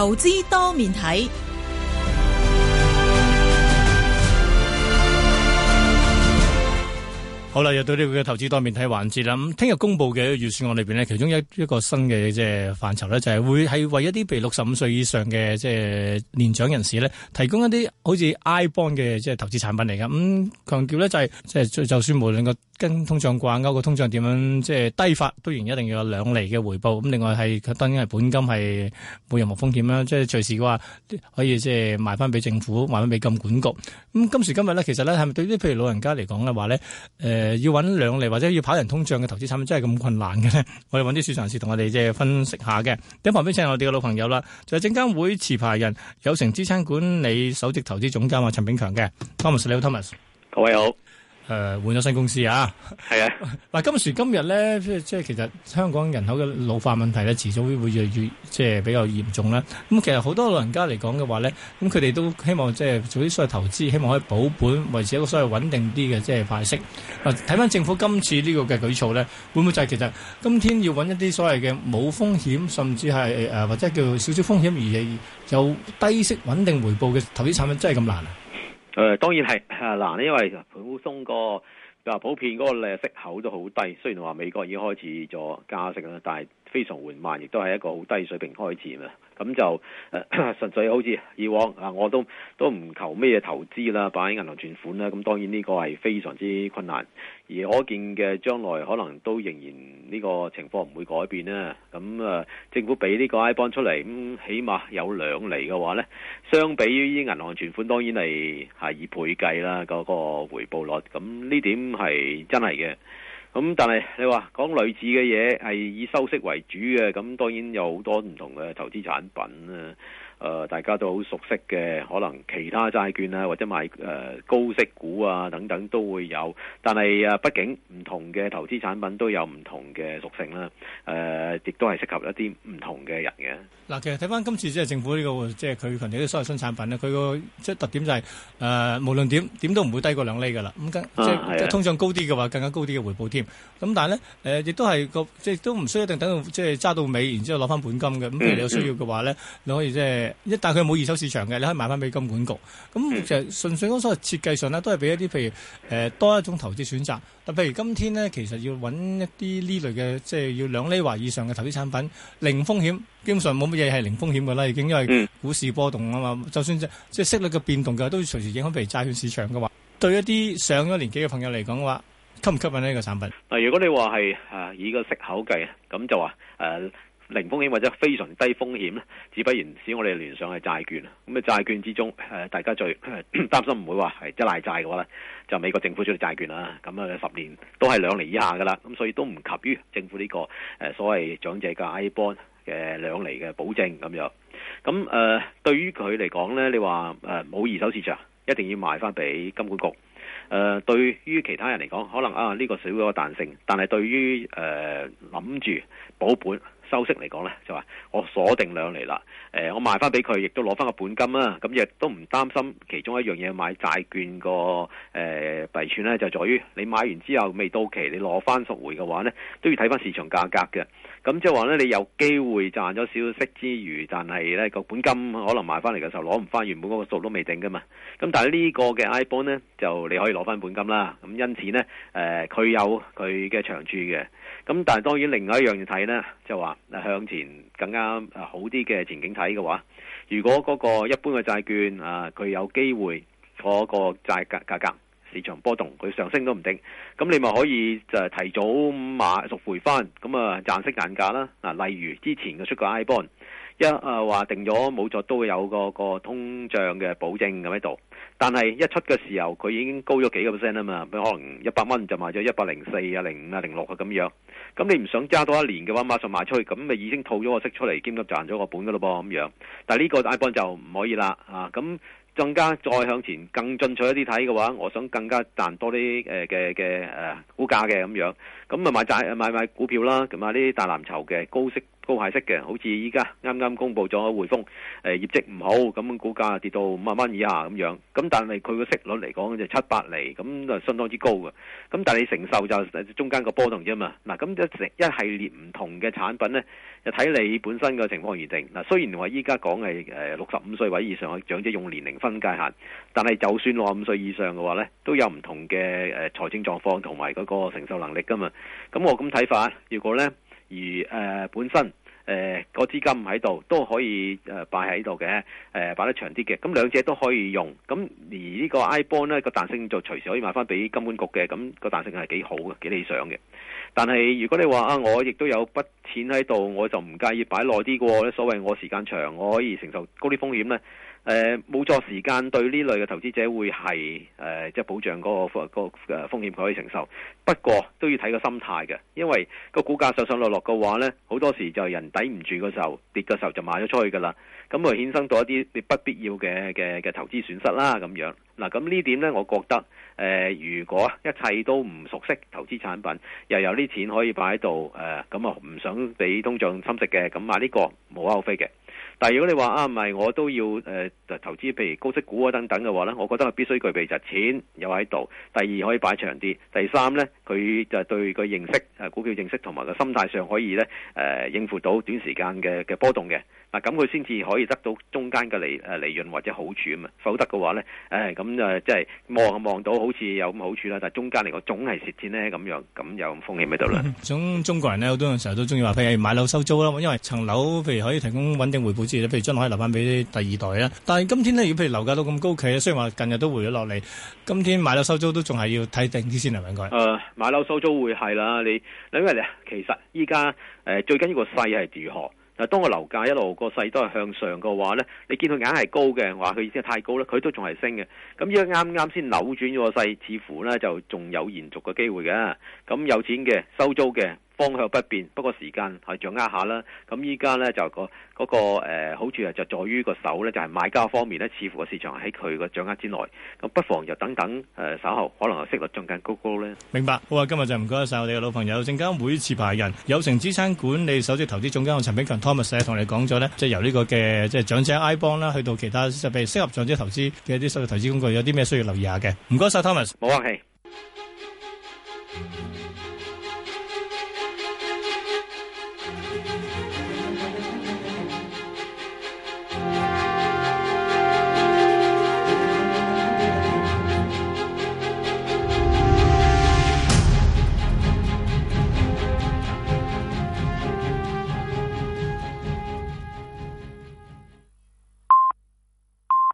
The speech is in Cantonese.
投資多面睇了，好啦，又到呢個投資多面睇環節啦。咁，聽日公布嘅預算案裏邊呢，其中一一個新嘅即係範疇咧，就係會係為一啲被六十五歲以上嘅即係年長人士咧，提供一啲好似 I Bond 嘅即係投資產品嚟噶。咁強調咧就係、是，即係就算無論個。跟通脹掛鈎個通脹點樣？即係低發都然一定要有兩厘嘅回報。咁另外係當然係本金係冇任何風險啦。即係隨時嘅話，可以即係賣翻俾政府，賣翻俾金管局。咁、嗯、今時今日呢，其實呢係咪對於啲譬如老人家嚟講嘅話呢？誒、呃、要搵兩釐或者要跑人通脹嘅投資產品真係咁困難嘅呢？我哋搵啲市場人士同我哋即係分析下嘅。喺旁邊請我哋嘅老朋友啦，就係證監會持牌人、悠誠資產管理首席投資總監啊陳炳強嘅。Thomas 你好，Thomas，各位好。誒、呃、換咗新公司啊！係啊！嗱，今時今日呢，即係即係，其實香港人口嘅老化問題呢，遲早會越嚟越即係比較嚴重啦。咁其實好多老人家嚟講嘅話呢，咁佢哋都希望即係做啲所謂投資，希望可以保本，維持一個所謂穩定啲嘅即係派息。睇翻政府今次呢個嘅舉措呢，會唔會就係其實今天要揾一啲所謂嘅冇風險，甚至係誒、呃、或者叫做少少風險而有低息穩定回報嘅投資產品，真係咁難啊？誒、呃、當然係，嗱、啊，因為滯松個普遍嗰個誒息口都好低，雖然話美國已經開始做加息啦，但係，非常緩慢，亦都係一個好低水平開始。啊！咁就誒，實際好似以往啊，我都都唔求咩嘢投資啦，擺喺銀行存款啦。咁當然呢個係非常之困難，而可見嘅將來可能都仍然呢個情況唔會改變啦。咁誒、呃，政府俾呢個 iBond 出嚟，咁起碼有兩厘嘅話呢，相比於啲銀行存款，當然係係以倍計啦，嗰、那個回報率。咁呢點係真係嘅。咁、嗯、但係你話講類似嘅嘢係以收息為主嘅，咁當然有好多唔同嘅投資產品啊，誒、呃，大家都好熟悉嘅，可能其他債券啊，或者買誒、呃、高息股啊等等都會有，但係誒畢竟唔同嘅投資產品都有唔同嘅屬性啦，誒、呃，亦都係適合一啲唔同嘅人嘅。嗱，其實睇翻今次即係政府呢、這個，即係佢近期啲所有新產品咧，佢個即係特點就係、是、誒、呃，無論點點都唔會低過兩厘噶啦。咁、嗯、即係通脹高啲嘅話，更加高啲嘅回報添。咁、嗯、但係咧誒，亦、呃、都係個即係都唔需一定等到即係揸到尾，然之後攞翻本金嘅。咁、嗯、譬如你有需要嘅話咧，你可以即係一，但佢冇二手市場嘅，你可以賣翻俾金管局。咁、嗯嗯嗯、其實純粹講所謂設計上咧，都係俾一啲譬如誒、呃、多一種投資選擇。但譬如今天咧，其實要揾一啲呢類嘅，即係要兩厘或以上嘅投資產品，零風險。基本上冇乜嘢係零風險噶啦，已經因為股市波動啊嘛。嗯、就算即即、就是、息率嘅變動嘅，都隨時影響譬如債券市場嘅話，對一啲上咗年紀嘅朋友嚟講嘅話，吸唔吸引呢個產品？如果你話係、啊、以個息口計，咁就話、啊、零風險或者非常低風險咧，只不然使我哋聯想係債券啊。咁啊，債券之中、啊、大家最擔心唔會賴債話係一賴債嘅話咧，就美國政府出嘅債券啦。咁啊，十年都係兩年以下噶啦，咁所以都唔及於政府呢、這個、啊、所謂長者嘅 iBond。嘅兩厘嘅保證，咁樣咁誒。對於佢嚟講咧，你話誒冇二手市場，一定要賣翻俾金管局。誒、呃，對於其他人嚟講，可能啊呢、這個少咗彈性，但係對於誒諗住保本。收息嚟講呢，就話、是、我鎖定兩嚟啦。誒，我賣翻俾佢，亦都攞翻個本金啦。咁亦都唔擔心其中一樣嘢買債券個誒弊處呢，就在於你買完之後未到期，你攞翻贖回嘅話呢，都要睇翻市場價格嘅。咁即係話呢，你有機會賺咗少息之餘，但係呢個本金可能賣翻嚟嘅時候攞唔翻原本嗰個數都未定噶嘛。咁但係呢個嘅 iBond 呢，就你可以攞翻本金啦。咁因此呢，誒佢有佢嘅長處嘅。咁但係當然另外一樣嘢睇呢，就話向前更加好啲嘅前景睇嘅話，如果嗰個一般嘅債券啊，佢有機會嗰、嗰個債價，價格市場波動，佢上升都唔定，咁你咪可以就提早買贖回翻，咁啊賺息賺價啦。嗱，例如之前嘅出個 iBond。一誒話定咗冇錯都會有個，個通脹嘅保證咁喺度。但係一出嘅時候，佢已經高咗幾個 percent 啊嘛，可能一百蚊就賣咗一百零四啊、零五啊、零六啊咁樣。咁你唔想揸多一年嘅話，馬上賣出去，咁咪已經套咗個息出嚟，兼得賺咗個本噶咯噃咁樣。但係呢個 iBond 就唔可以啦啊！咁更加再向前更進取一啲睇嘅話，我想更加賺多啲誒嘅嘅誒股價嘅咁樣。咁咪買債、買買股票啦，咁啊啲大藍籌嘅高息。高派息嘅，好似依家啱啱公布咗匯豐，誒、呃、業績唔好，咁、嗯、股價跌到五萬蚊以下咁樣，咁、嗯、但係佢個息率嚟講就七八厘，咁、嗯、就相當之高嘅，咁、嗯、但係你承受就中間個波動啫嘛。嗱、啊，咁、嗯、一一系列唔同嘅產品呢，就睇你本身個情況而定。嗱、啊，雖然話依家講係誒六十五歲位以上嘅長者用年齡分界限，但係就算六十五歲以上嘅話呢，都有唔同嘅誒、呃、財政狀況同埋嗰個承受能力噶嘛。咁、啊、我咁睇法，如果呢，而誒、呃、本身，誒個資金喺度都可以誒擺喺度嘅，誒、呃、擺、呃、得長啲嘅，咁兩者都可以用。咁而呢個 iBond 呢，個彈性就隨時可以賣翻俾金管局嘅，咁、個彈性係幾好嘅，幾理想嘅。但係如果你話啊，我亦都有筆錢喺度，我就唔介意擺耐啲嘅，所謂我時間長，我可以承受高啲風險呢。誒，冇錯，呃，時間對呢類嘅投資者會係，誒、呃，即係保障嗰，嗰個、嗰個風險佢可以承受。不過都要睇個心態嘅，因為個股價上上落落嘅話呢，好多時就人抵唔住個時候跌嘅時候就賣咗出去噶啦，咁啊衍生到一啲你不必要嘅嘅嘅投資損失啦咁樣。嗱，啊，咁呢點呢？我覺得，誒、呃，如果一切都唔熟悉投資產品，又有啲錢可以擺喺度，誒、呃，咁啊唔想俾通脹侵蝕嘅，咁買呢個無可厚非嘅。但如果你話啊唔係，我都要誒、呃、投資譬如高息股啊等等嘅話咧，我覺得係必須具備就係，錢有喺度，第二可以擺長啲，第三咧佢就對個認識股票認識同埋個心態上可以咧誒、呃、應付到短時間嘅嘅波動嘅。嗱，咁佢先至可以得到中間嘅利誒利潤或者好處啊嘛，否則嘅話咧，誒咁誒即係望望到好似有咁好處啦，但係中間嚟講總係蝕錢咧，咁樣咁有風險喺度啦。總中國人咧，好多嘅時候都中意話，譬如買樓收租啦，因為層樓譬如可以提供穩定回報之類，譬如將可以留翻俾第二代啦。但係今天咧，如果譬如樓價都咁高企，雖然話近日都回咗落嚟，今天買樓收租都仲係要睇定啲先係咪應該。誒、呃，買樓收租會係啦，你，因為其實依家誒最緊要個勢係如何？嗱，當個樓價一路個勢都係向上嘅話呢，你見佢硬係高嘅，話佢意思係太高咧，佢都仲係升嘅。咁依家啱啱先扭轉咗個勢，似乎呢就仲有延續嘅機會嘅。咁有錢嘅收租嘅。方向不變，不過時間係掌握下啦。咁依家咧就個嗰個好處啊，就在於個手咧就係買家方面咧，似乎個市場喺佢個掌握之內。咁不妨就等等誒稍後，可能息率仲更高高咧。明白。好啊，今日就唔該晒我哋嘅老朋友，證監會持牌人、悠誠資產管理首席投資總監陳炳強 Thomas，同你講咗咧，即係由呢、呢個嘅即係長者 iBond 啦，去到其他就譬如適合長者投資嘅一啲投資工具，有啲咩需要留意下嘅。唔該晒 Thomas，冇客氣。